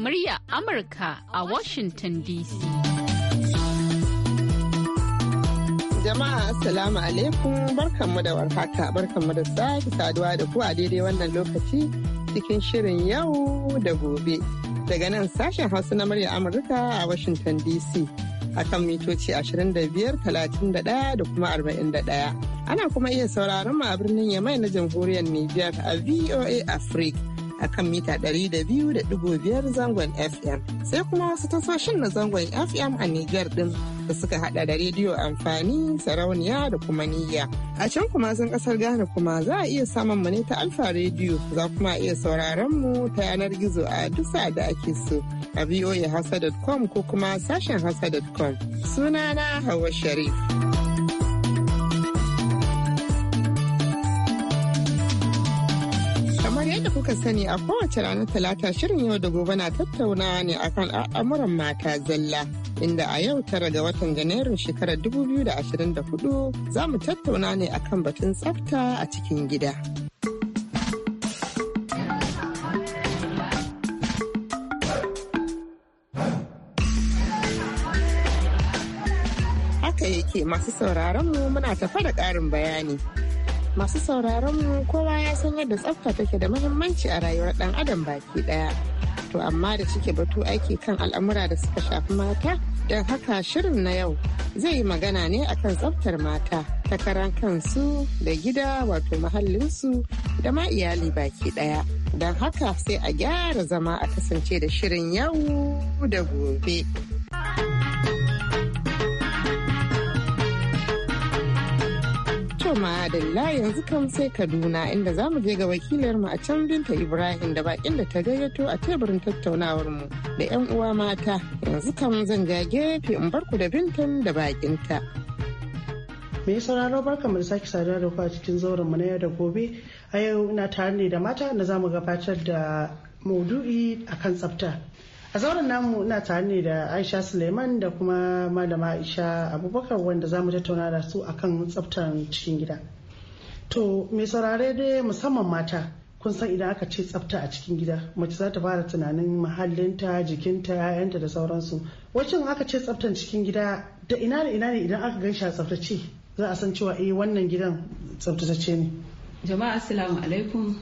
murya Amurka a Washington DC. Jama'a Assalamu alaikum barkan barkanmu da warhaka mu da sake saduwa da ku a daidai wannan lokaci cikin shirin yau da gobe. Daga nan sashen hausa na murya Amurka a Washington DC. akan mitoci 25, 31 da kuma 41. Ana kuma iya sauraron mu a birnin Yamai na jamhuriyar Nijar a VOA Africa a kan mita 200.5 zangon FM. Sai kuma wasu tasoshin na zangon FM a niger din da suka hada da rediyo amfani, sarauniya da kuma niyya. A can kuma sun kasar Ghana kuma za a iya samun mu ne ta Alfa rediyo za kuma iya sauraron mu ta yanar gizo a duk da ake so a hasa.com ko kuma sashen suna Sunana Hauwa Sharif. aka sani a kowace ranar talata shirin yau da gobe na tattauna ne akan al'amuran mata zalla inda a yau tara ga watan janairun shekarar 2024 za mu tattauna ne akan batun tsafta a cikin gida. Haka yake masu sauraron mu muna tafa da ƙarin bayani. masu sauraron mu kowa ya san yadda tsafta take da muhimmanci a rayuwar dan adam baki daya to amma da cike batu aiki kan al'amura da suka shafi mata don haka shirin na yau zai yi magana ne akan tsaftar mata ta karan kansu da gida wato mahallinsu da ma iyali baki daya don haka sai a gyara zama a kasance da shirin yau da gobe. To adalla yanzu kam sai Kaduna inda za mu je ga wakilarmu a can Binta Ibrahim da bakin da ta gayyato a teburin tattaunawar mu da 'yan uwa mata. Yanzu kam zan ja gefe in barku da Bintan da bakinta. Me sauraro barka mu da sake saduwa da ku a cikin zauren mu na yau da gobe. A yau ina tare ne da mata na zamu gabatar da maudu'i akan tsafta. a zauren namu ina tare ne da aisha suleiman da kuma malama aisha abubakar wanda za mu tattauna da su akan tsaftar cikin gida to mai saurare dai musamman mata kun san idan aka ce tsafta a cikin gida mace za ta fara tunanin mahallinta jikinta yayanta da sauransu wacin aka ce tsaftar cikin gida da ina da ina ne idan aka gan shi a tsaftace za a san cewa eh wannan gidan tsaftatacce ne jama'a assalamu alaikum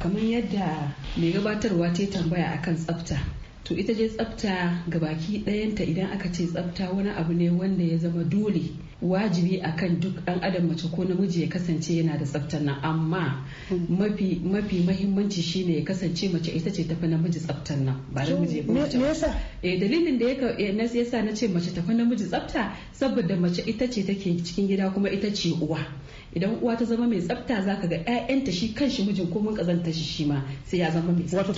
kamar yadda mai gabatarwa ta tambaya akan tsafta to ita je tsafta ga baki ɗayanta idan aka ce tsafta wani abu ne wanda ya zama dole wajibi akan duk ɗan adam mace ko namiji ya kasance yana da tsaftar nan amma mafi mafi mahimmanci shine ya kasance mace ita ce tafi namiji tsaftar nan ba ya eh dalilin da ya eh, yasa na ce mace tafi namiji tsafta saboda mace ita ce take cikin gida kuma ita ce uwa idan uwa ta zama mai tsafta zaka ga ƴaƴanta shi kanshi mijin ko mun kazanta shi shi ma sai ya zama mai tsafta wato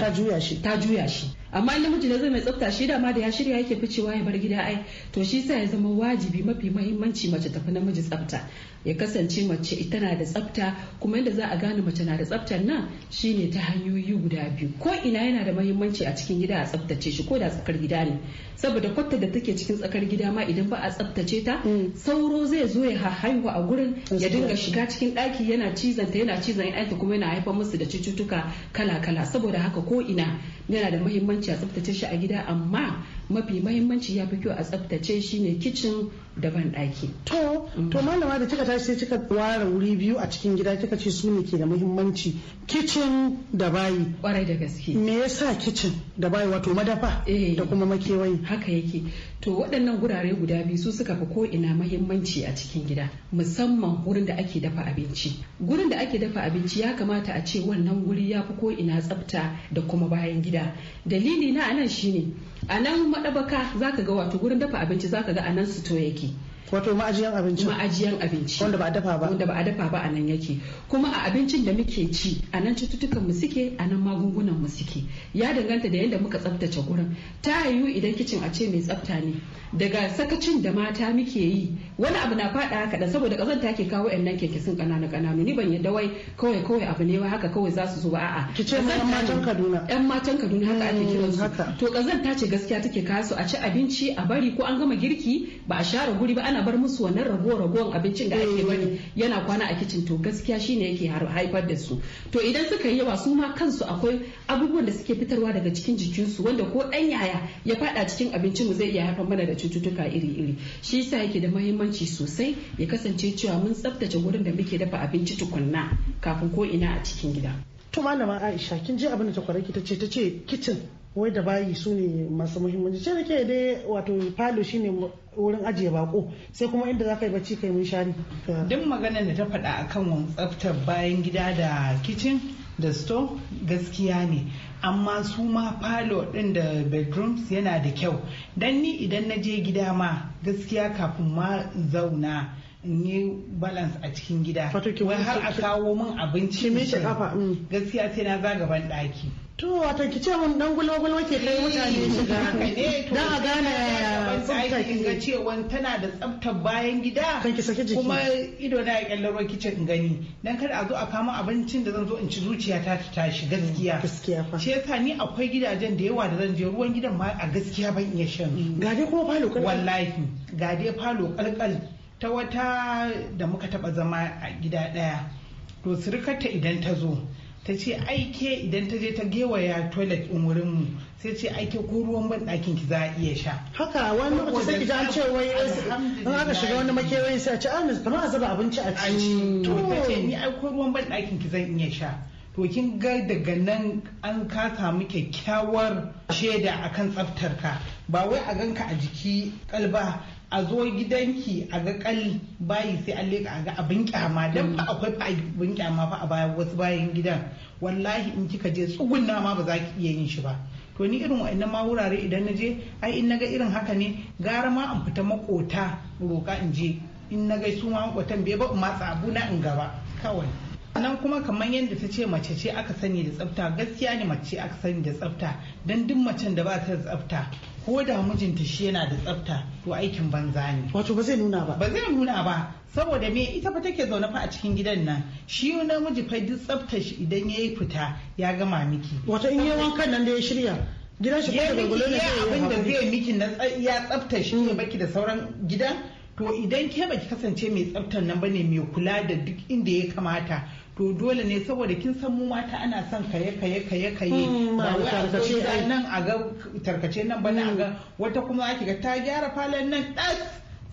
ta juya shi amma in namiji ne zai mai tsafta shi dama da ya shirya yake ficewa ya bar gida ai to shi sa ya zama wajibi mafi mahimmanci mace tafi namiji tsafta ya kasance mace tana da tsafta kuma yadda za a gane mace na da tsaftar nan shine ta hanyoyi guda biyu ko ina yana da mahimmanci a cikin gida a tsaftace shi ko da tsakar gida ne saboda kwata da take cikin tsakar gida ma idan ba a tsaftace ta mm. sauro zai zo ya haihu a gurin ya dinga shiga cikin ɗaki yana cizon ta yana cizon ɗaki kuma yana haifar musu da cututtuka kala kala saboda haka ko ina yana da mahimmanci a tsaftace shi a gida amma mafi mahimmanci ya fi kyau a tsaftace shi ne kicin da ban ɗaki. To, to mm. malama da kika tashi sai kika ware wuri biyu a cikin gida kika ce su ne ke da mahimmanci kicin da bayi. Kwarai da gaske. Me yasa kicin da bayi wato madafa eh, da kuma makewayi. Haka yake. To waɗannan gurare guda biyu su suka fi ko ina mahimmanci a cikin gida musamman wurin da ake dafa abinci. Gurin da ake dafa abinci ya kamata a ce wannan guri ya fi ko ina tsafta da kuma bayan gida. Dalili na anan shine a nan madabaka zaka ga wato gurin dafa abinci zaka ga a nan sito yake wato ma'ajiyan abinci ma'ajiyan abinci wanda ba a dafa ba wanda ba a dafa ba a yake kuma a abincin da muke ci a nan cututtukan mu suke a nan magungunan mu suke ya danganta da yadda muka tsaftace gurin ta yiwu idan kicin a ce mai tsafta ne daga sakacin da mata muke yi wani abu na faɗa haka da saboda ta ke kawo yan nan keke sun kanana kananu ni ban yadda wai kawai kawai abu ne haka kawai za su zo ba a'a ki ce yan matan Kaduna yan matan Kaduna haka ake mm, su to ta ce gaskiya take kasu a ci abinci a bari ko an gama girki ba a share guri ba ana bar musu wannan rago ragon abincin da ake eh. bari yana kwana a kicin to gaskiya shine yake haifar da su to idan suka yi yawa su ma kansu akwai abubuwan da suke fitarwa daga cikin jikinsu wanda ko dan yaya ya fada cikin abincin mu zai iya haifar mana da cututtuka iri-iri shi yasa yake da mahimmanci sosai ya kasance cewa mun tsaftace wurin da muke dafa abinci tukunna kafin ko ina a cikin gida to malama Aisha kin je abin da ta ta ce ta ce kitchen wai da bayi su ne masu muhimmanci ce nake dai wato falo shine wurin ajiye bako sai kuma inda za ka yi bacci kai mun shari duk maganar da ta faɗa akan tsaftar bayan gida da kicin da store gaskiya ne amma su ma falo din da bedrooms yana da kyau don ni idan na je gida ma gaskiya kafin ma zauna in yi balance a cikin gida wai har a kawo min abinci mm. gaskiya sai na zagaban ɗaki To wata ki ce mun dan gulma gulma ke kai mutane eh, shiga Da a gane tsafta ki ga cewa tana da tsaftar bayan gida kan ki saki jiki kuma ido na ya kallon ki kicin in gani dan kada a zo a kama abincin da zan zo in ci zuciya ta ta tashi gaskiya gaskiya fa shi yasa ni akwai gidajen da yawa da zan je ruwan gidan ma a gaskiya ban iya shan ga dai kuma falo kalkal wallahi ga dai falo kalkal ta wata da muka taba zama a gida daya to surukarta idan ta zo ta ce aike idan ta je ta gewaya toilet din wurin mu sai ce aike ko ruwan ban ɗakin ki za a iya sha haka wani lokaci sai ki ji cewa wai in aka shiga wani makewayi sai a ce ah, ba kamar a zuba abinci a ci to ta ce ni ai ko ruwan ban ɗakin ki zan iya sha to kin ga daga nan an ka samu kyakkyawar shaida akan tsaftar ka ba wai a ganka a jiki kalba a zo gidanki a ga kalli bayi sai an leka a ga abin kyama dan ba akwai abin kyama fa a bayan wasu bayan gidan wallahi in kika je tsugunna ma ba za ki iya yin shi ba to ni irin wa'annan ma wurare idan na je ai in na ga irin haka ne gara ma in fita makota roka in je in na ga su ma makotan bai ba in matsa abuna in gaba kawai nan kuma kamar yadda ta ce mace ce aka sani da tsafta gaskiya ne mace aka sani da tsafta don duk macen da ba ta da tsafta ko da mijinta shi yana da tsafta to aikin banza ne wato ba zai nuna ba ba zai nuna ba saboda me ita fa take zaune fa a cikin gidan nan shi miji fa duk tsafta shi idan yayi fita ya gama miki wato in yayi wankan nan da ya shirya gidan shi kuma gulo ne abin da zai miki na ya tsafta shi ne hmm. baki da sauran gidan to idan ke baki kasance mai tsaftar nan bane mai kula da duk inda ya kamata to dole ne saboda kin san mu mata ana son kaye kaye kaye kaye hmm, ba wai a nan a ga tarkace nan ba a ga hmm. wata kuma zaki ga ta gyara falon nan ɗas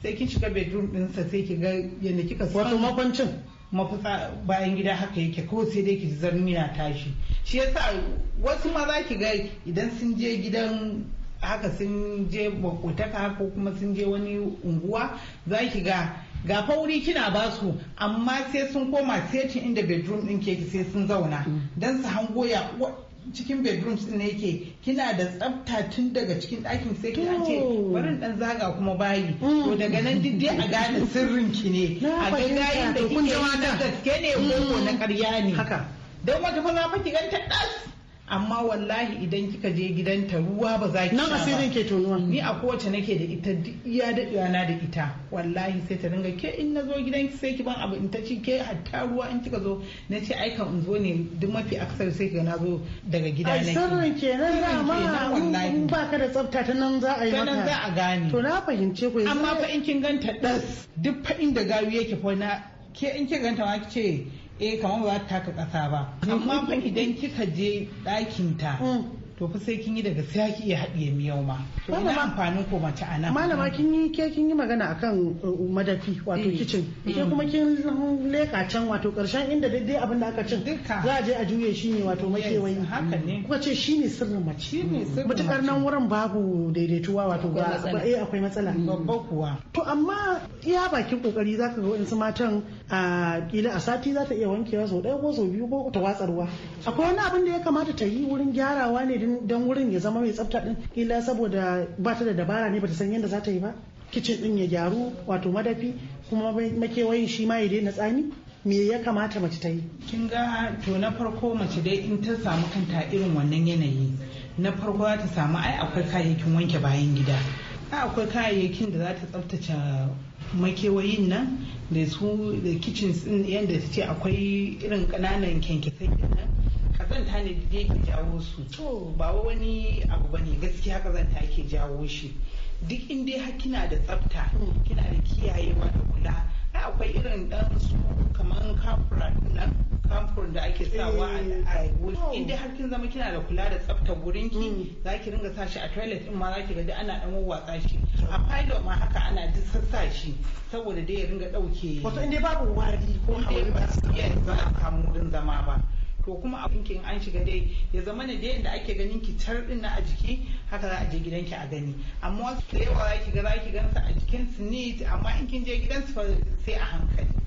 sai kin shiga bedroom ɗinsa sai ki ga yadda kika san wato makwancin mafitsa bayan gida haka yake ko sai dai ki zarni na tashi shi yasa wasu ma za ki ga idan sun je gidan haka sun je ko kuma sun je wani unguwa za ki ga ga fauri kina ba su amma sai sun koma setin inda bedroom din ke sai sun zauna mm. don su hango ya cikin bedrooms din yake kina da tsafta tun daga cikin ɗakin sai kina ce barin dan zaga kuma bayi mm. to daga nan duk a gane sirrin ki ne a ga gayin da kike na gaske ne ko na mm. ƙarya ne don wata fa ki ganta ɗas amma wallahi idan kika je gidanta ruwa ba za ki nan asirin ke tonuwa ni a kowace nake da ita iya daɗewa na da ita wallahi sai ta dinga ke in na zo ki sai ki ban abu in ta ci ke hatta ruwa in kika zo na ce ai kan in zo ne duk mafi aksar sai ki na zo daga gida na ki sirrin kenan za ma in ba ka da tsafta ta nan za a yi maka za a gane to na fahimce ku amma fa in kin ganta das duk fa inda gawi yake fa na ke in kin ganta ma ki ce eh kamar ba ta taka ƙasa ba amma fa idan kika je ɗakinta. ta mm. to fa sai kin yi daga sai ki iya haɗiye miyau ma ina amfanin ko mace a nan malama kin yi ke kin yi magana akan uh, madafi wato eh. kitchen ke mm. kuma kin leka can wato karshen inda daidai abin da aka cin za a je a juye shi ne wato makewayi haka ne kuma ce ne sirrin mace mutukar nan wurin babu daidaituwa wato ba eh akwai matsala mm. babba kuwa to amma iya bakin kokari zaka ga wasu matan a kila a sati za ta iya wankewa sau ɗaya ko sau biyu ko ta watsarwa akwai wani abin da ya kamata ta yi wurin gyarawa ne dan wurin ya zama mai tsafta din kila saboda ba ta da dabara ne ba ta san yadda za ta yi ba kicin din ya gyaru wato madafi kuma makewayin shi ma ya daina tsami me ya kamata mace ta yi kin ga to na farko mace dai in ta samu kanta irin wannan yanayi na farko za ta samu ai akwai kayayyakin wanke bayan gida akwai kayayyakin da za ta tsaftace makewayin nan da su da kicin yadda ta ce akwai irin kananan kyankyasai nan kazanta ne da yake jawo su to ba wani abu ba ne gaskiya kazanta yake jawo shi duk in dai kina da tsafta hmm. kina da kiyayewa da kula na akwai irin dan su kaman kamfura nan da ake sawa a eh. wuri oh. in dai har kin zama kina da kula da tsafta gurin ki hmm. za ringa sa shi a toilet din ma zaki ki ana dan watsa shi a pilot ma haka ana duk sassa shi saboda dai ya ringa dauke wato in dai babu wari ko hawa ba su iya zama wurin zama ba to kuma abin ki in an shiga dai ya zama ne dai inda ake ganin ki tar na a jiki haka za a je gidanki a gani amma wasu da yawa za ki ga za ki gansa a jikin su amma in kin je gidan gidansu sai a hankali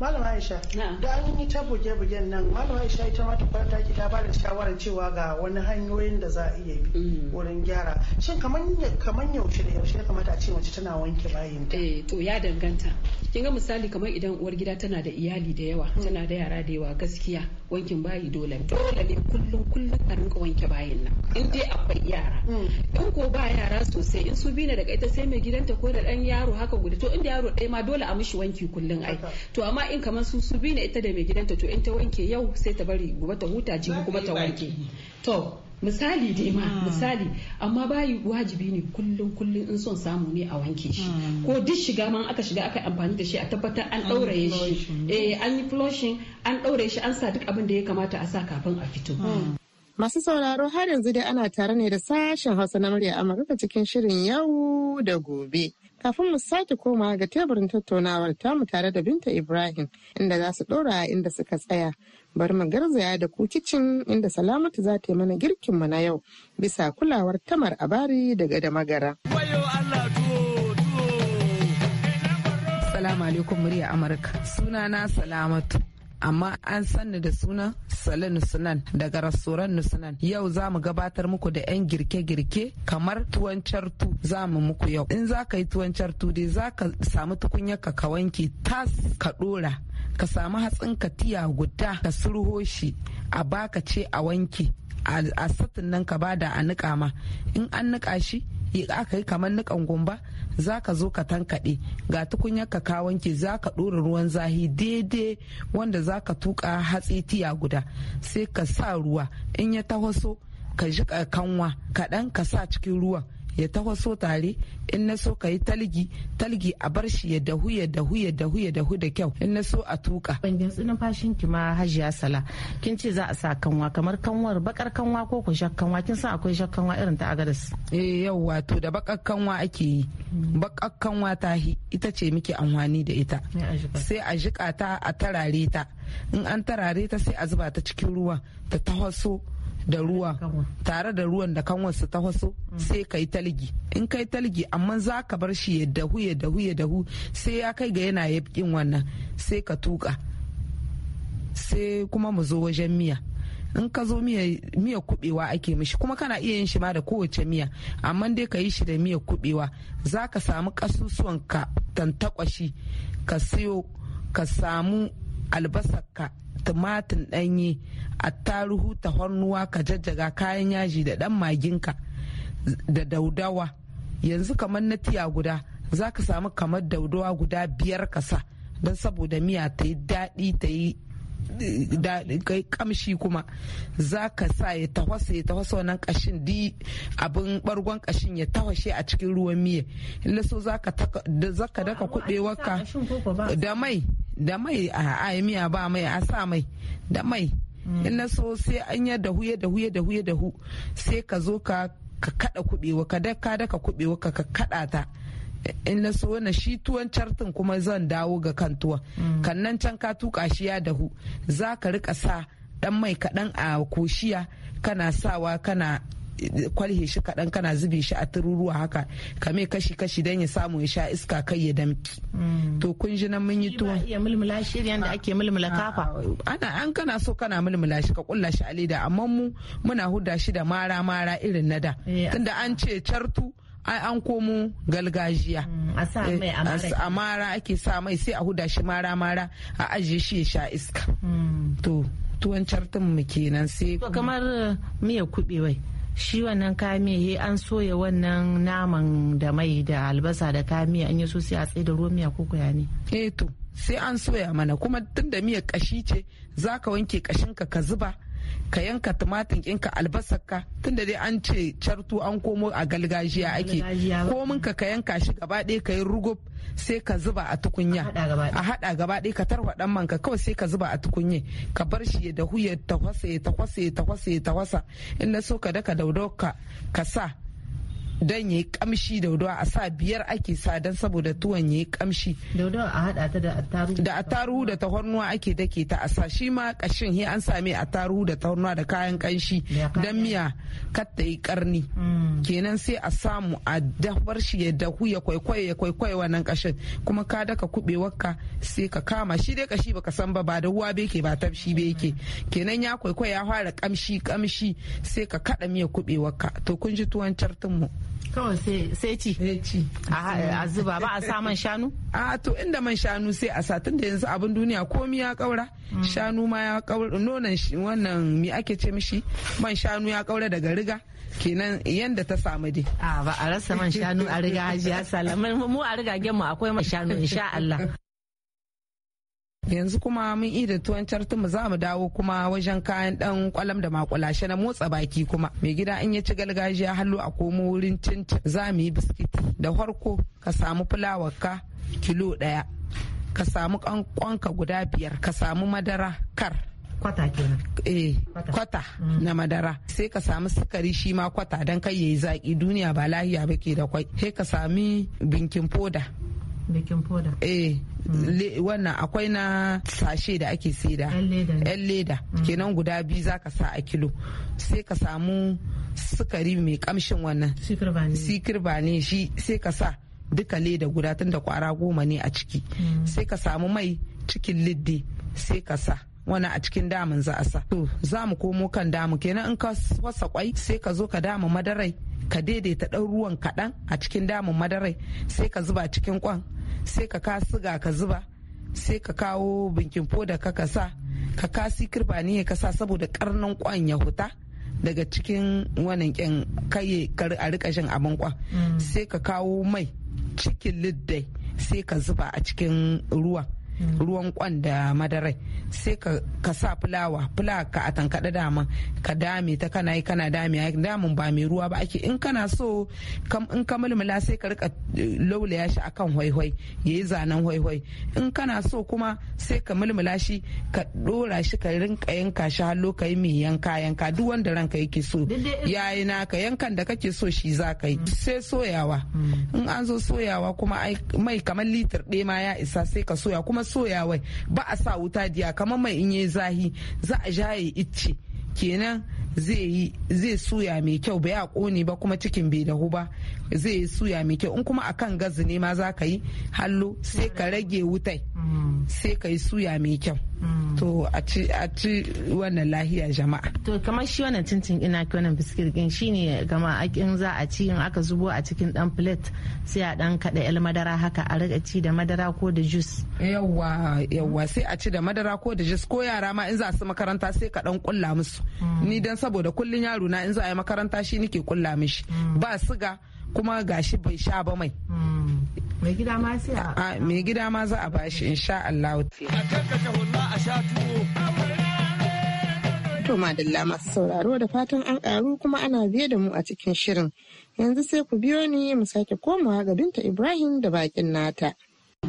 malam aisha da an yi ta buge-bugen nan malam aisha ita ma ta ki ta bada shawarar cewa ga wani hanyoyin da za a iya bi mm. wurin gyara shin kamar yaushe da yaushe ya kamata a ce mace tana wanke bayin ta eh to ya danganta kin ga misali kamar idan uwar gida tana da iyali da yawa mm. tana da yara da yawa gaskiya wankin bayi dole dole ne kullum kullum a rinka wanke bayin nan in dai akwai yara mm. in ko ba yara sosai in su bi na daga ita sai mai gidanta ko da dan yaro haka guda to inda yaro ɗaya ma dole a mishi wanki kullum ai to amma in kamar su su ne ita da mai gidanta to in ta wanke yau sai ta bari gobe ta huta jibi kuma ta wanke to misali dai ma hmm. misali amma bayi wajibi ne kullum kullum in son samu ne a wanke shi hmm. ko duk shiga ma aka shiga aka amfani da shi a tabbatar an ɗauraye shi eh an yi flushing an ɗaure shi an sa duk abin da ya kamata a sa kafin a fito hmm. Masu sauraro har yanzu dai ana tare ne da sashen Hausa na murya Amurka cikin shirin yau da gobe. kafin mu sake koma ga teburin tattaunawar tamu tare da binta ibrahim inda za su dora inda suka tsaya bari mu garzaya da ku kicin inda salamatu za ta yi mana girkin mu na yau bisa kulawar tamar abari daga da magara salamu alaikum murya Amurka sunana Salamatu amma an sanni da sunan salin nusunan daga rastoran nusunan yau za mu gabatar muku da 'yan girke-girke kamar tuwon cartu za mu muku yau in za ka yi tuwon cartu dai za ka samu tukunyar ka wanke tas ka dora ka samu hatsin ka tiya guda ka surho shi a baka ce a wanke a satin nan ka bada a nika ma in an niƙa shi aka yi kamar nikan gumba za ka zo ka tankaɗe ga tukunyar ka ka wanke za ka ɗora ruwan zahi daidai wanda za ka tuka hatsi tiya guda sai ka sa ruwa in ya taho so ka jiƙa kanwa kaɗan ka sa cikin ruwan ya taho tare in na so ka yi talgi talgi a bar shi ya dahu ya dahu ya dahu ya dahu da kyau in na so a tuka ban tsinin fashin ki ma hajiya sala kin ce za a sa kanwa kamar kanwar bakar kanwa ko ku kanwa kin san akwai kanwa irin ta agadas eh yau wato da bakar kanwa ake yi hmm. bakar kanwa ta hi ita ce muke amfani da ita sai a jika ta a tarare ta in an tarare ta sai a zuba ta cikin ruwa ta taho so da ruwa tare da ruwan da kanwarsa wasu ta waso mm. sai kai talgi in kai talgi amma za ka bar shi ya dahu ya dahu ya dahu sai ya kai ga yana yabkin wannan sai ka tuka sai kuma mu zo wajen miya in ka zo miya kubewa ake mishi kuma kana iya yin shi ma da kowace miya amma dai ka yi shi da miya kubewa za ka samu kasusuwan ka tantakwashi ka siyo ka samu albasarka tumatin ɗanye attaruhu hannuwa ka jajjaga kayan yaji da dan maginka da daudawa yanzu kamar na tiya guda za ka samu kamar daudawa guda biyar kasa don saboda miya ta yi daɗi ta yi kai kamshi kuma za ka sa ya tahwasa ya tahwasa wannan kashin di abin bargon kashin ya tahwashe a cikin ruwan miya in so za ka daka kuɗewarka da mai da mai a miya ba mai a sa mai da mai Mm. in na so sai an da huye da huye da huye da hu sai ka zo ka kada kubewa ka daka daka kubewa ka ka kada ta in na so wani shi tuwon cartin kuma zan dawo ga kan tuwon mm. nan can ka tuka shi ya dahu za ka rika sa dan mai kaɗan a koshiya kana sawa kana kwalhe shi kaɗan kana zube shi a tururuwa haka kame kashi kashi don ya samu ya sha iska kai ya damki mm. to kun ji nan mun yi tuwon iya mulmula shi yadda ah. ake mulmula ah. kafa ana an kana so kana mulmula shi ka kulla shi a leda amma mu muna huda shi da mara mara irin na da eh, tunda an ce cartu an komo galgajiya mm, eh, a mara ake sa mai sai a huda shi mara mara a ajiye shi ya sha iska mm. to tuwon cartun mu kenan sai kamar eh, miya kuɓewai shi wannan kamiya an soya wannan naman da mai da albasa da kamiya an yi sosai sai a tsaye da romiya ko kuya ne eh sai an soya mana kuma tun da miyar kashi ce zaka wanke kashinka ka zuba ka yanka tumatir ɗinka albasar ka tunda dai an ce cartu an komo a galgajiya ake komin ka ka yanka shi gaba ɗaya ka yi rugub sai ka zuba a tukunya a hada gaba ɗaya ka tarwa ɗan manka kawai sai ka zuba a tukunya ka bar shi ya dahu ya tafasa ya tafasa ya tafasa ya in na so ka daka daudau ka sa don ya yi kamshi daudawa a sa biyar ake sa don saboda tuwon ya yi kamshi daudawa a hada da attaruhu da tahornuwa ake dake ta a sa shi ma kashin he an same attaruhu da tahornuwa da kayan kanshi don miya kar ta yi karni mm. kenan sai a samu a dafar shi ya dahu ya kwaikwaye ya kwaikwaye wannan kashin kuma ka daka wakka sai ka kama shi dai kashi baka san ba ba da ruwa be ke ba tafshi be ke kenan ya kwaikwaye ya fara kamshi kamshi sai ka kada miya wakka to kun ji tuwon cartin mu kawai sai ci a zuba ba a sa man shanu a to inda man shanu sai a sa tun da yanzu abin duniya komi ya kaura mm. shanu ma ya kaura nonon wannan mi ake ce mishi man shanu ya kaura daga riga kenan yanda ta samu dai a ba a rasa man shanu a riga hajiya salama mu a riga mu akwai man shanu insha Allah yanzu kuma mun yi ida tuwancar mu za mu dawo kuma wajen kayan dan kwalam da makulashe na motsa baki kuma mai gida in ya ci galgajiya hallo a komo wurin cinta za mu yi biskit da farko ka samu fulawar ka kilo daya ka samu kankonka guda biyar ka samu madara kar kwata kenan eh kwata mm. na madara sai ka samu sukari shi ma kwata don kai yayi zaki duniya ba lahiya ba ke da kwai sai ka sami binkin foda baking powder eh hmm. wannan akwai na sashe da ake saida yan leda hmm. kenan guda biyu zaka sa a kilo sai ka samu sukari mai kamshin wannan sikir ba ne shi sai ka sa duka leda guda tun da kwara goma ne a ciki hmm. sai ka samu mai cikin liddi sai ka sa wani a cikin damin za a sa to za mu komo kan damu kenan in ka wasa kwai sai ka zo ka dama madarai ka daidaita ɗan ruwan kaɗan a cikin damun madarai sai ka zuba cikin kwan sai ka ka siga ka zuba sai ka kawo binkin foda ka ka sa ka ka sikirba ne ka sa saboda karnin kwan ya huta daga cikin wannan kyan kaye a rika shan abin kwan mm. sai ka kawo mai cikin liddai sai ka zuba a cikin ruwa Mm. ruwan kwan da madarai sai ka sa fulawa fulawa ka a tankaɗe dama ka dame ta kana yi kana dame damun ba mai ruwa ba ake in kana so in ka mulmula sai ka rika eh, laulaya shi akan hwaihwai ya yi zanen hwaihwai in kana so kuma sai ka mulmula shi ka ɗora shi ka rinka yanka shi hallo ka yi mai yanka yanka duk wanda ranka yake so yayi naka yankan da kake so shi za ka yi mm. sai soyawa mm. in an zo soyawa kuma mai kamar litir ɗaya ma ya isa sai ka soya kuma wai ba a sa wuta diya kamar mai in yi zahi za a ya icce kenan zai yi zai suya mai kyau ba ya kone ba kuma cikin bai dahu ba zai yi suya mai kyau in kuma akan gazi ne ma za ka yi hallo sai ka rage wutai mm. sai ka yi suya mai kyau Mm. to a ci wannan lahiya jama'a to kamar shi wannan tintin ina ki wannan biskit din shine gama akin za a ci in aka zubo a cikin dan plate sai a dan kada el madara haka a riga ci da madara ko da juice yawa yawa sai a ci da madara ko da juice ko yara ma in za su makaranta sai ka dan kulla musu mm. ni dan saboda kullun yaro na in za a yi makaranta shi nake kulla mishi mm. ba siga kuma gashi bai sha ba mai mai gida ma sai a mai gida ma za a bashi insha Allah a sha tuwo To madalla masu sauraro da fatan an karu kuma ana biye da mu a cikin shirin. Yanzu sai ku biyo ni mu sake komawa ga Binta Ibrahim da bakin nata.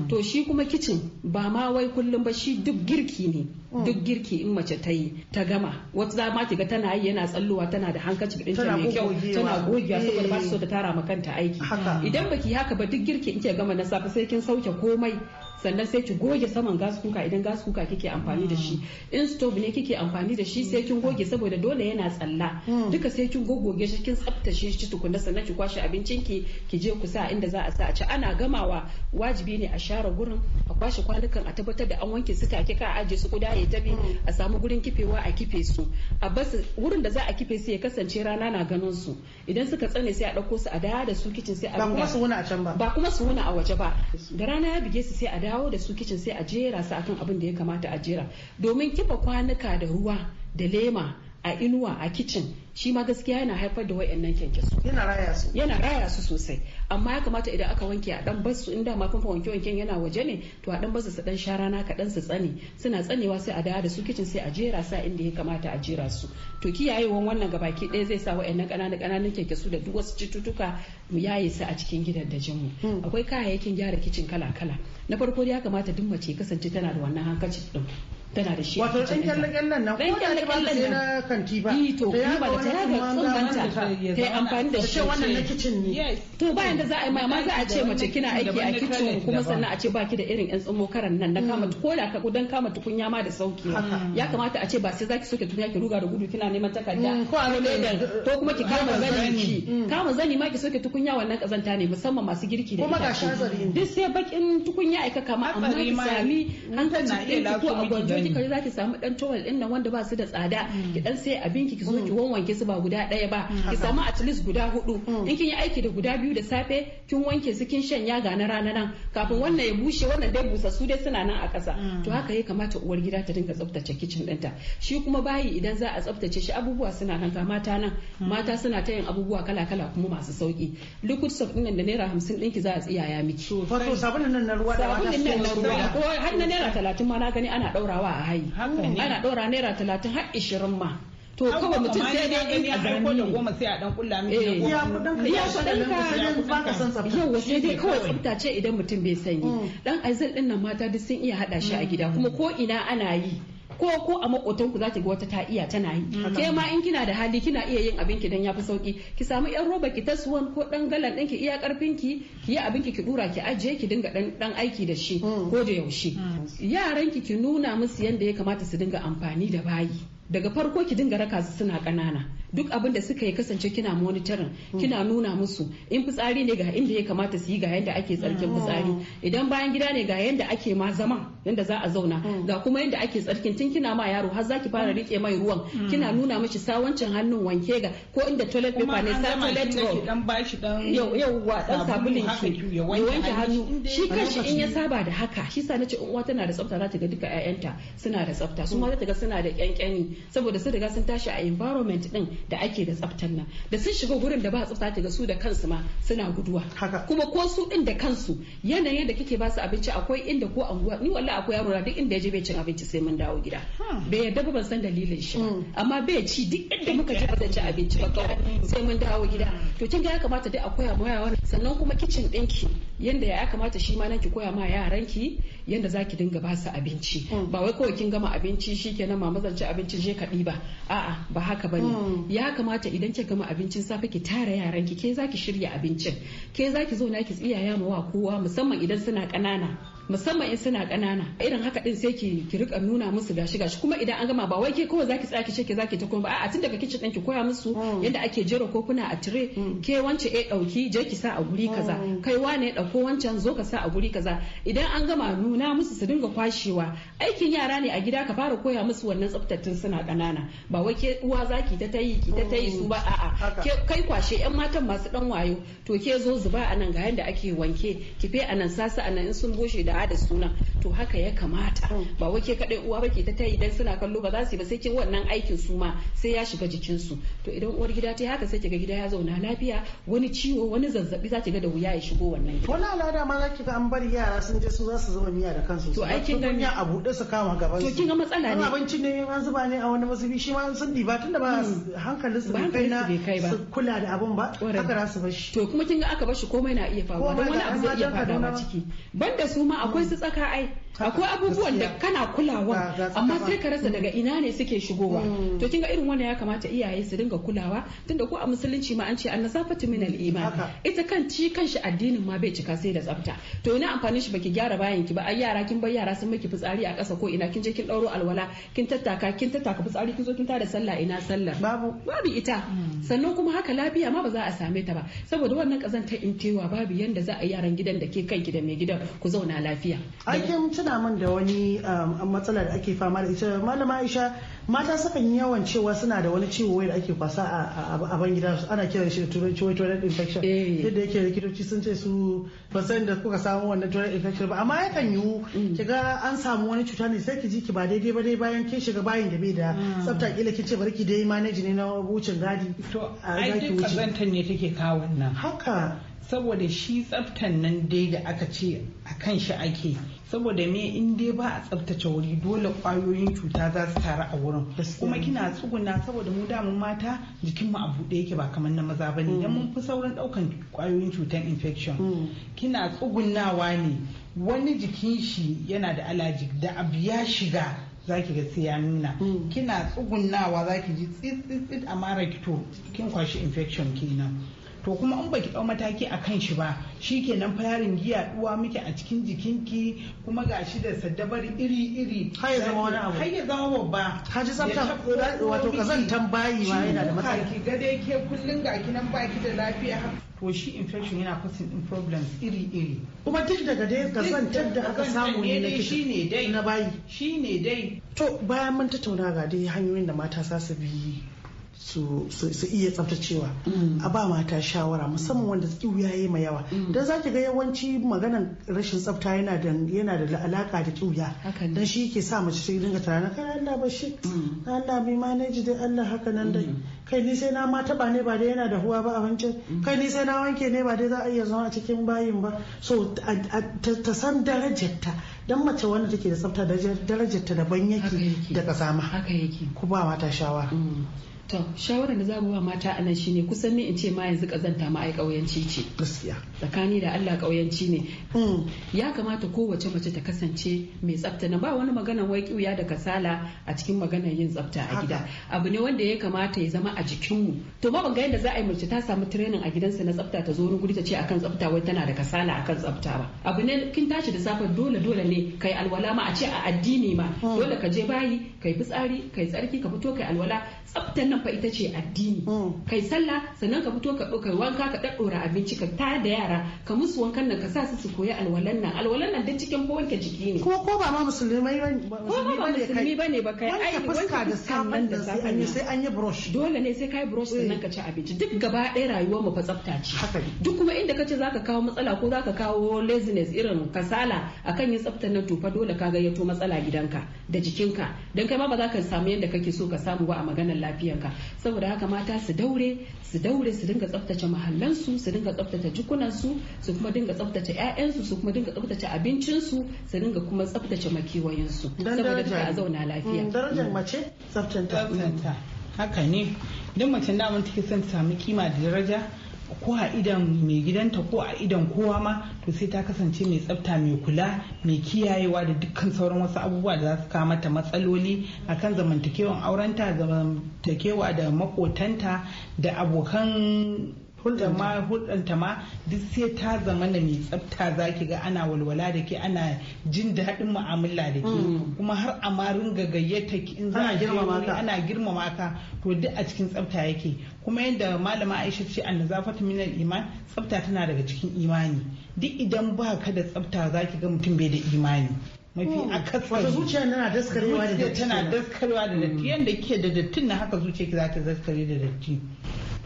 to shi kuma kicin ba ma wai kullum ba shi duk girki ne mm. duk girki in mace ta yi ta gama wata za ma ga tana yi yana tsalluwa tana da hankaci da ɗinta mai kyau tana gogewa saboda ba su so ta eh. tara ma kanta aiki idan baki haka ba duk girki in ke gama na safe sai kin sauke komai sannan sai ki goge saman gas kuka idan gas kuka kike amfani da shi mm. in stove ne kike amfani da shi mm. sai kin goge saboda dole yana tsalla mm. duka sai kin gogoge shi kin tsaftace shi tukunna sannan ki kwashe abincin ki ki je ku sa inda za a sa a ci ana gamawa wajibi ne a share gurin a kwashe kwanukan a tabbatar da an wanke su take ka aje su guda ya tabi a samu gurin kifewa a kife su a basu wurin da za a kife su ya kasance rana na ganin su idan suka tsane sai a dauko su a da da su kicin sai a ba kuma su wuna a can ba ba kuma su wuna a waje ba da rana ya bige su sai a dawo da su kicin sai a jera su akan abin da ya kamata a jera domin kifa kwanuka da ruwa da lema a inuwa a kicin shi ma gaskiya yana haifar da wayannan kyankyaso yana raya su yana raya su sosai amma ya kamata idan aka wanke a dan basu in da ma kun wanke wanken yana waje ne to a dan basu su dan sha rana ka dan su tsane suna tsanewa sai a dawo da su kicin sai a jera sa inda ya kamata a jera su to kiyayewan wannan gabaki ɗaya zai sa wayannan ƙananan ƙananan kyankyaso da duk wasu cututtuka mu yaye su a cikin gidan da mu hmm. akwai kayayyakin gyara kicin kala kala na farko ya kamata duk mace kasance tana da wannan hankacin din tana da shi wato dan nan ko da ba na yi to yi ba ta yaga ta yi amfani da shi wannan na kitchen ne to bayan da za a yi ma za a ce mace kina aiki a kitchen kuma sannan a ce baki da irin yan tsumo karan nan na kama mm. ko da ka dan kama tukunya ma da sauki mm. ya kamata a ce ba sai soke tukunya ki ruga da gudu kina neman takarda mm, ko a ko kuma ki kama zani ki kama zani ma ki soke tukunya wannan kazanta ne musamman masu girki da kuma ga shazari duk sai bakin tukunya aika kama amma ki sami hankali ki ko a gwanjo idan kika mm. za ki samu dan towel din nan wanda ba su da tsada mm. ki dan sai abin ki zo ki mm. wanke su ba guda daya ba ki samu at least guda hudu in kin yi aiki da guda biyu da safe kin wanke su kin shanya ga na rana nan kafin wannan ya bushe wannan dai busa su dai suna nan a kasa to haka ya kamata uwar gida ta dinga tsaftace kicin dinta shi kuma bayi idan za a tsaftace shi abubuwa suna nan ga mata nan mata suna ta yin abubuwa kala kala kuma masu sauki liquid soap din da naira hamsin ki za a tsiyaya miki to nan na ruwa da wata sabulun nan na ruwa ko har na naira talatin ma na gani ana ɗaurawa a hayi ana ɗora naira talatin har ishirin ma to kawai mutum sai dai in a zarni ne goma sai a dan kulla miki eh. ya kudin ka ya kudin ka ba ka san tsafta yawa sai dai kawai tsafta ce idan mutum bai sanyi mm. dan aizal din nan mata duk sun iya hada shi a mm. gida kuma mm. ko ina ana yi ko ko a makotan ku zaki ga wata ta iya tana yi mm. ke ma in kina da hali kina iya yin abinki dan yafi sauki ki samu yan roba ki ta ko dan galan dinki iya karfin ki yi abinki ki dura ki ajiye ki dinga dan dan aiki da shi mm. ko da yaushe mm. Yaranki ki nuna musu yanda ya kamata su dinga amfani da bayi daga farko ki dinga raka su suna ƙanana duk abin da suka yi kasance kina monitorin hmm. kina nuna musu in fitsari ne ga inda ya kamata su yi ga yadda ake tsarkin hmm. fitsari idan bayan gida ne ga yadda ake ma zama yadda za a zauna hmm. ga kuma yadda ake tsarkin tun kina ma yaro har zaki fara rike mai ruwan kina nuna mishi sawancin hannun wanke ga ko inda toilet paper ne sa toilet roll dan bashi dan yau wa dan sabulin shi ya wanke hannu shi kanshi in ya saba da haka shi sa nace uwa tana da tsafta za ta ga duka ƴaƴanta suna da tsafta su ma za ta ga suna da kyankyani saboda su riga sun tashi a environment din da ake da tsaftar nan da sun shiga gurin da ba tsafta ta ga su da kansu ma suna guduwa kuma ko su din da kansu yanayin da kike ba su abinci akwai inda ko anguwa ni wallahi akwai yaro da duk inda yaje bai cin abinci sai mun dawo gida bai yadda ba ban san dalilin shi mm. amma bai ci duk inda muka je ba ci abinci ba kawai sai mun dawo gida to kin ga ya kamata dai akwai koya wannan sannan kuma kicin ɗinki yanda ya kamata shi ma ki koya ma yaranki yanda za ki dinga basu abinci mm. ba wai kawai kin gama abinci shikenan ma zan ci abincin je ka ɗiba a'a ba haka bane mm. ya kamata idan ki gama abincin safe ki tara yaranki ke za ki shirya abincin ke za ki zo na ki tsiyaya ma wa kowa musamman idan suna ƙanana musamman in suna ƙanana irin haka din sai ki ki rika nuna musu gashi gashi kuma idan an gama ba wai ke kowa zaki tsaya ki ce ke zaki ta kuma a tun daga kicin din ki koya musu mm. yadda ake jera kuna a tire mm. ke wance ya eh, dauki je ki sa a guri kaza mm. kai wane ya dauko wancan zo ka sa a guri kaza idan an gama nuna musu su dinga kwashewa aikin yara ne a gida ka fara koya musu wannan tsaftatattun suna ƙanana ba wai ke uwa zaki ta tayi ki ta tayi su ba a'a ke kai kwashe yan matan masu dan wayo to ke zo zuba a nan ga yanda ake wanke kife anan sasa anan in sun bushe da da sunan to haka ya kamata mm. ba wai ke kadai uwa bake ta tayi dan suna kallo ba za su yi ba sai kin wannan aikin su ma sai ya shiga jikin su to idan uwar gida ta haka sai kiga gida ya zauna lafiya wani ciwo wani zazzabi za ki ga da wuya ya shigo wannan wani al'ada ma za ki ga an bari yara sun je su za su zama miya da kansu to aikin gani a buɗe su kama gaban su to kin ga matsala ne abinci ne an zuba ne a wani mazubi shi ma sun diba tunda ba mm. hankalin su bai kai na su kula da abun ba haka za su bar shi to kuma kin ga aka bar shi komai na iya faruwa don wani abu zai iya faruwa ciki banda su ma akwai su tsaka ai akwai abubuwan da kana kulawa amma sai ka rasa daga ina ne suke shigowa mm. to kinga irin wannan ya kamata iyaye su dinga kulawa tunda ko a musulunci ma an ce annasafatu min al-iman ita kan ci kan shi addinin ma bai cika sai da tsafta to ina amfani shi baki gyara bayan ki ba ai yara kin bar yara sun miki fitsari a kasa ko ina kin je kin dauro alwala kin tattaka kin tattaka fitsari kin zo kin tada sallah ina sallar babu babu ita mm. sannan kuma haka lafiya ma ba za a same ta ba saboda wannan kazantar in tewa babu yanda za a yaran gidan da ke kan gidan mai gidan ku zauna lafiya. tuna min da wani um, matsala da ake fama da ita malama Aisha mata sukan yawan cewa suna da wani ciwo wai da ake kwasa a bangida ana kiran shi da turanci wai toilet infection yadda eh. yake likitoci sun ce su ba san da kuka samu wannan toilet infection ba amma yakan yiwu mm. kiga an samu wani cuta ne sai ki ji ki ba daidai ba dai bayan kin shiga bayin da bai da mm. tsafta kila ki ce bari ki dai manage ne na wucin gadi to ai duk kazantar ne take haka saboda shi tsaftan nan dai da aka ce a kan shi ake saboda me in dai ba a tsaftace wuri dole kwayoyin cuta za su taru a wurin kuma kina tsuguna saboda mu damun mata jikin mu a buɗe yake ba kamar na maza bane mm. dan mun fi saurin daukan kwayoyin cutar infection mm. kina tsugunawa ne wani jikin shi yana da alaji da abu ya shiga zaki ga sai ya nuna mm. kina tsugunawa zaki ji tsitsit a mara kito kin kwashi infection kenan to kuma in baki dau mataki a kan shi ba shi kenan farin giya duwa miki a cikin jikinki kuma gashi da saddabar iri iri har ya zama wani abu har ya zama babba ka ji tsafta wato kazantan bayi ma yana da matsala ki ga dai ke kullun ga ki nan baki da lafiya to shi infection yana causing in problems iri iri kuma duk daga dai kazantar da aka samu ne na kishi na bayi shine dai to bayan mun tattauna ga dai hanyoyin da mata za su bi su iya tsaftacewa mm. a ba mata shawara musamman wanda kiwu ya yi ma yawa mm. don za ki ga yawanci maganan rashin tsafta yana da yana da alaka da kiwuya Don shi ke sa mace ta dinga tare kai Allah ba shi mm. Allah bi manage da Allah haka nan dai kai ni sai na ma taba ne ba dai yana da huwa ba a wance kai ni sai na wanke ne ba dai za a iya zama a cikin bayin ba so ta san darajarta dan mace wanda take da tsafta darajarta daban yake da kasama haka yake ku ba mata shawara To shawarar da za mu ba mata a nan shine kusan ni in ce ma yanzu kazanta ma ai kauyanci ce. Gaskiya. Tsakani da Allah kauyanci ne. Mm, ya kamata kowace mace ta kasance mai tsafta na ba wani magana wai kiuya da kasala a cikin maganar yin tsafta a gida. Abu ne wanda ya kamata ya zama a jikinmu. To ma ban ga yadda za a yi mace ta samu training a gidansa na tsafta ta zo wurin guri ta ce akan tsafta wai tana da kasala akan tsafta ba. Abu ne kin tashi da safe dole dole ne kai alwala ma a ce a addini ma mm. dole ka je bayi kai fitsari kai tsarki ka fito kai alwala tsaftan nan fa ita ce addini mm. kai sallah sannan ka fito ka ɗauka wanka ka ɗaɗɗora abinci ka ta da yara ka musu wankan nan ka sa su su koyi alwalan nan alwalan nan duk cikin ko wanke jiki ne kuma ko ba ma musulmi ba ne ba musulmi ba ne ba kai ai wanka da saman da safa ne sai an yi brush dole ne sai kai brush sannan mm. ka ci abinci duk gaba ɗaya rayuwar mu fa tsafta ce duk kuma inda ka za zaka kawo matsala ko zaka kawo laziness irin kasala akan yin tsaftar nan to fa dole ka gayyato matsala gidanka da jikinka dan kai ma ba za ka samu yadda kake so ka samu ba a maganar lafiyar afirka saboda haka mata su daure su daure su dinga tsaftace mahallansu su dinga tsaftace jikunansu su kuma dinga tsaftace 'ya'yansu su kuma dinga tsaftace abincinsu su dinga kuma tsaftace makewayensu saboda ta zauna lafiya darajar mace tsaftanta haka ne don mace da mun take son ta samu kima da daraja ko a idan mai gidanta ko a idan kowa ma to sai ta kasance mai tsafta mai kula mai kiyayewa da dukkan sauran wasu abubuwa da za su kama mata matsaloli akan zamantakewan aurenta zamantakewa da makotanta da abokan hulɗar ma hulɗanta ma duk sai ta zama na mai tsafta za ki ga ana walwala da ke ana jin daɗin mu'amala da ke hmm. kuma har a ma ringa gayyata ki in za a ana girmama ka to duk a cikin tsafta yake kuma yadda malama Aisha ce an nazafatu minal iman tsafta tana daga cikin imani duk idan ba ka da tsafta za ki ga mutum bai da imani mafi hmm. akasari wato zuciya tana daskarewa da datti tana daskarewa da datti yanda ke da dattin na haka zuciya ki za ta daskare da datti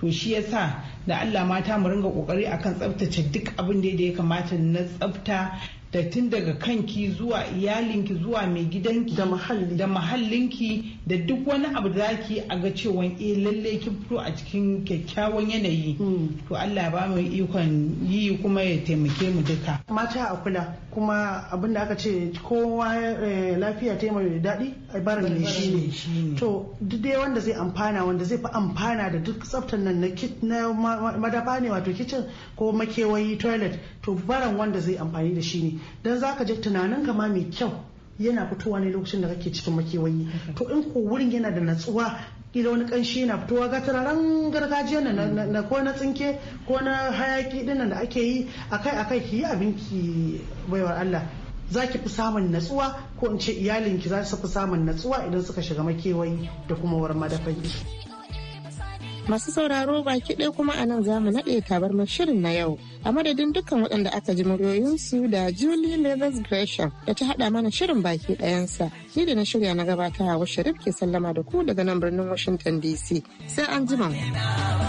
to shi ya sa da Allah mata mu ringa kokari akan tsaftace duk abin da ya kamata na tsafta da tun daga kanki zuwa iyalinki zuwa mai gidanki da mahallinki da duk wani abu da zaki a ga cewa eh lalle kin fito a cikin kyakkyawan yanayi hmm. to Allah ba mu ikon yi kuma ya taimake mu duka mata a kula kuma abin da aka ce kowa eh, lafiya ta mai dadi ai barin ne shi ne to duk dai wanda zai amfana wanda zai fi amfana da duk tsaftar nan na madafa ne wato kitchen ko makewayi toilet to baran wanda zai amfani da shi ne dan zaka je tunanin ka ma mai kyau yana fitowa ne lokacin da kake cikin makewayi to in ko wurin yana da natsuwa kila wani kanshi yana fitowa ga turaren gargajiya na ko na tsinke ko na hayaki dinnan da ake yi akai akai ki yi abin ki baiwar Allah za ki fi samun natsuwa ko in ce iyalinki za su fi samun natsuwa idan suka shiga makewayi da kuma wurin madafai Masu sauraro baki ɗaya kuma a nan za mu naɗe tabarmar shirin na yau. A madadin dukkan waɗanda aka ji muryoyinsu da Julie Leathers Gresham da ta haɗa mana shirin baki ɗayansa. Ni da na shirya na gabata wa Sharif ke sallama da ku daga nan birnin Washington DC. Sai an jima.